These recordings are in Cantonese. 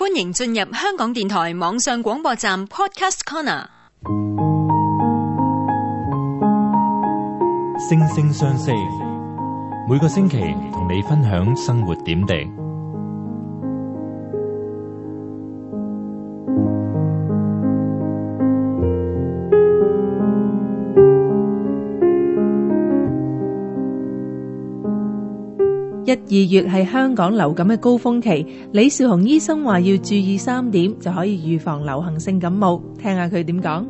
歡迎進入香港電台網上廣播站 Podcast Corner，星聲相識，每個星期同你分享生活點滴。一二月係香港流感嘅高峰期，李紹鴻醫生話要注意三點就可以預防流行性感冒，聽下佢點講。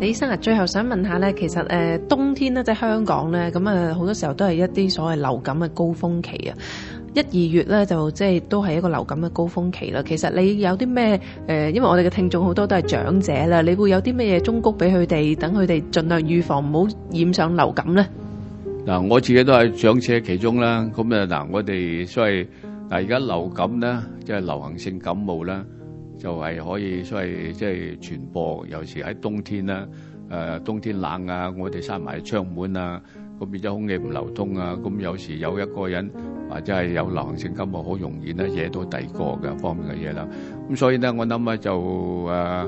李醫生啊，最後想問下呢，其實誒，冬天呢即係香港呢，咁啊好多時候都係一啲所謂流感嘅高峰期。一二月咧就即係都係一個流感嘅高峯期啦。其實你有啲咩誒？因為我哋嘅聽眾好多都係長者啦，你會有啲咩嘢忠告俾佢哋，等佢哋盡量預防唔好染上流感咧？嗱，我自己都係長者其中啦。咁啊嗱，我哋所以嗱而家流感咧，即係流行性感冒咧，就係可以所以即係傳播。尤其喺冬天啦，誒冬天冷啊，我哋閂埋窗門啊。咁變咗空氣唔流通啊！咁有時有一個人或者係有流行性感冒，好容易咧惹到第二個嘅方面嘅嘢啦。咁所以咧，我諗咧就誒誒、啊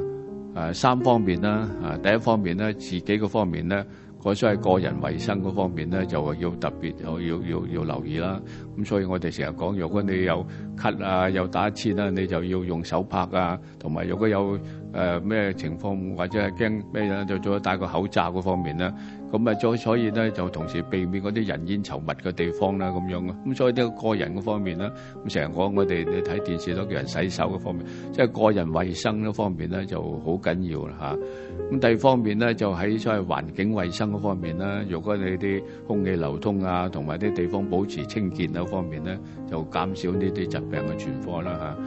啊、三方面啦。啊，第一方面咧，自己嗰方面咧，嗰啲係個人衞生嗰方面咧，就係要特別要要要要留意啦。咁所以我哋成日講，如果你有咳啊，又打針啦，你就要用手拍啊，同埋如果有誒咩、呃、情況或者係驚咩啦，就再戴個口罩嗰方面啦。咁啊，再所以咧就同時避免嗰啲人煙稠密嘅地方啦，咁樣啊。咁所以呢個個人嗰方面咧，咁成日講我哋你睇電視都叫人洗手嗰方面，即係個人衞生嗰方面咧就好緊要啦吓，咁第二方面咧就喺所謂環境衞生嗰方面啦。如果你啲空氣流通啊，同埋啲地方保持清潔啊，方面咧就減少呢啲疾病嘅傳播啦嚇。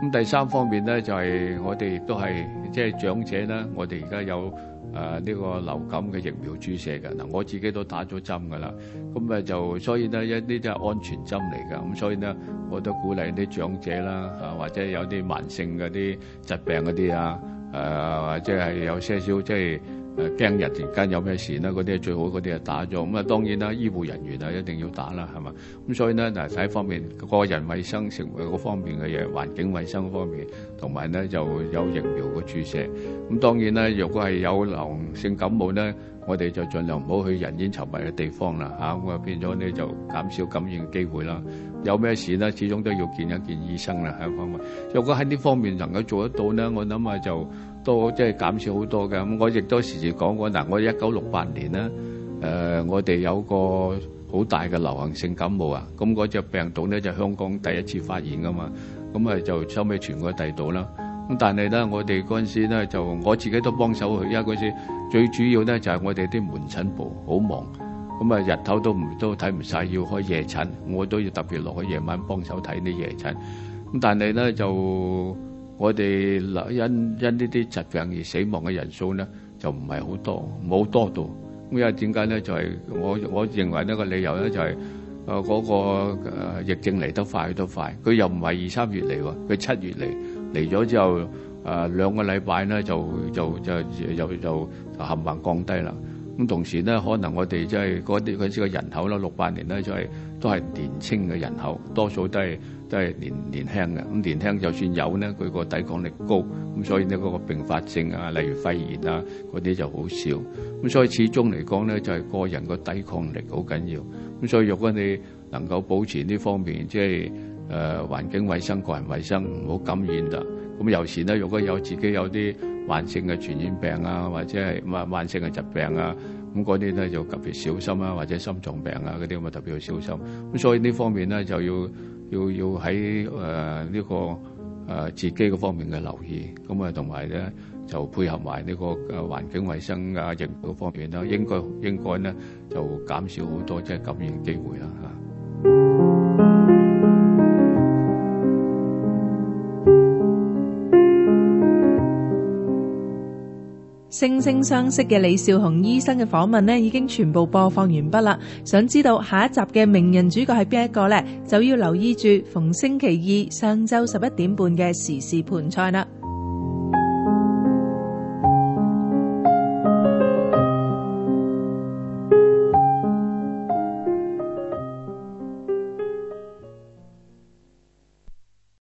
咁、啊、第三方面咧就係、係、我哋亦都係即係長者啦。我哋而家有誒呢、呃呢個流感嘅疫苗注射嘅嗱，我自己都打咗針噶啦。咁誒就所以咧一啲都係安全針嚟㗎。咁所以咧我都鼓勵啲長者啦，啊或者有啲慢性嗰啲疾病嗰啲啊，誒、呃、或者係有些少即係。就是誒驚人間有咩事咧？嗰啲最好嗰啲啊打咗咁啊！當然啦，醫護人員啊一定要打啦，係嘛？咁所以呢，嗱一方面個人衞生、食物嗰方面嘅嘢、環境衞生方面，同埋呢就有疫苗嘅注射。咁當然咧，若果係有流性感冒呢，我哋就儘量唔好去人煙稠密嘅地方啦嚇。咁啊變咗呢，就減少感染嘅機會啦。有咩事呢？始終都要見一見醫生啦係一方面。若果喺呢方面能夠做得到呢，我諗下就。都即係減少好多嘅，咁我亦都時時講過嗱，我、呃、我一九六八年咧，誒我哋有個好大嘅流行性感冒啊，咁嗰隻病毒咧就是、香港第一次發現㗎嘛，咁、嗯、啊就收尾傳過第二度啦，咁、嗯、但係咧我哋嗰陣時咧就我自己都幫手去，因為嗰時最主要咧就係、是、我哋啲門診部好忙，咁、嗯、啊日頭都唔都睇唔晒，要開夜診，我都要特別落去夜晚幫手睇啲夜診，咁、嗯、但係咧就。我哋因因呢啲疾病而死亡嘅人數咧，就唔係好多，冇多到。因為點解咧？就係、是、我我認為呢個理由咧，就係、是、啊嗰、那個啊疫症嚟得快去得快，佢又唔係二三月嚟，佢七月嚟嚟咗之後，誒、啊、兩個禮拜咧就就就又又冚唪唥降低啦。咁同時咧，可能我哋即係嗰啲佢啲個人口啦，六百年咧、就、在、是。都係年輕嘅人口，多數都係都係年年輕嘅。咁年輕就算有咧，佢個抵抗力高，咁所以咧嗰個併發症啊，例如肺炎啊嗰啲就好少。咁所以始終嚟講咧，就係個人個抵抗力好緊要。咁所以若果你能夠保持呢方面，即係誒環境衞生、個人衞生，唔好感染啦。咁有時咧，若果有自己有啲。慢性嘅傳染病啊，或者係慢慢性嘅疾病啊，咁嗰啲咧就特別小心啊，或者心臟病啊嗰啲咁啊特別要小心。咁所以呢方面咧就要要要喺誒呢個誒、呃、自己嗰方面嘅留意，咁啊同埋咧就配合埋呢個嘅環境衛生啊營養嗰方面啦，應該應該咧就減少好多即係、就是、感染機會啦、啊、嚇。星聲相識嘅李紹鴻醫生嘅訪問咧，已經全部播放完畢啦。想知道下一集嘅名人主角係邊一個呢？就要留意住逢星期二上晝十一點半嘅時事盤菜啦。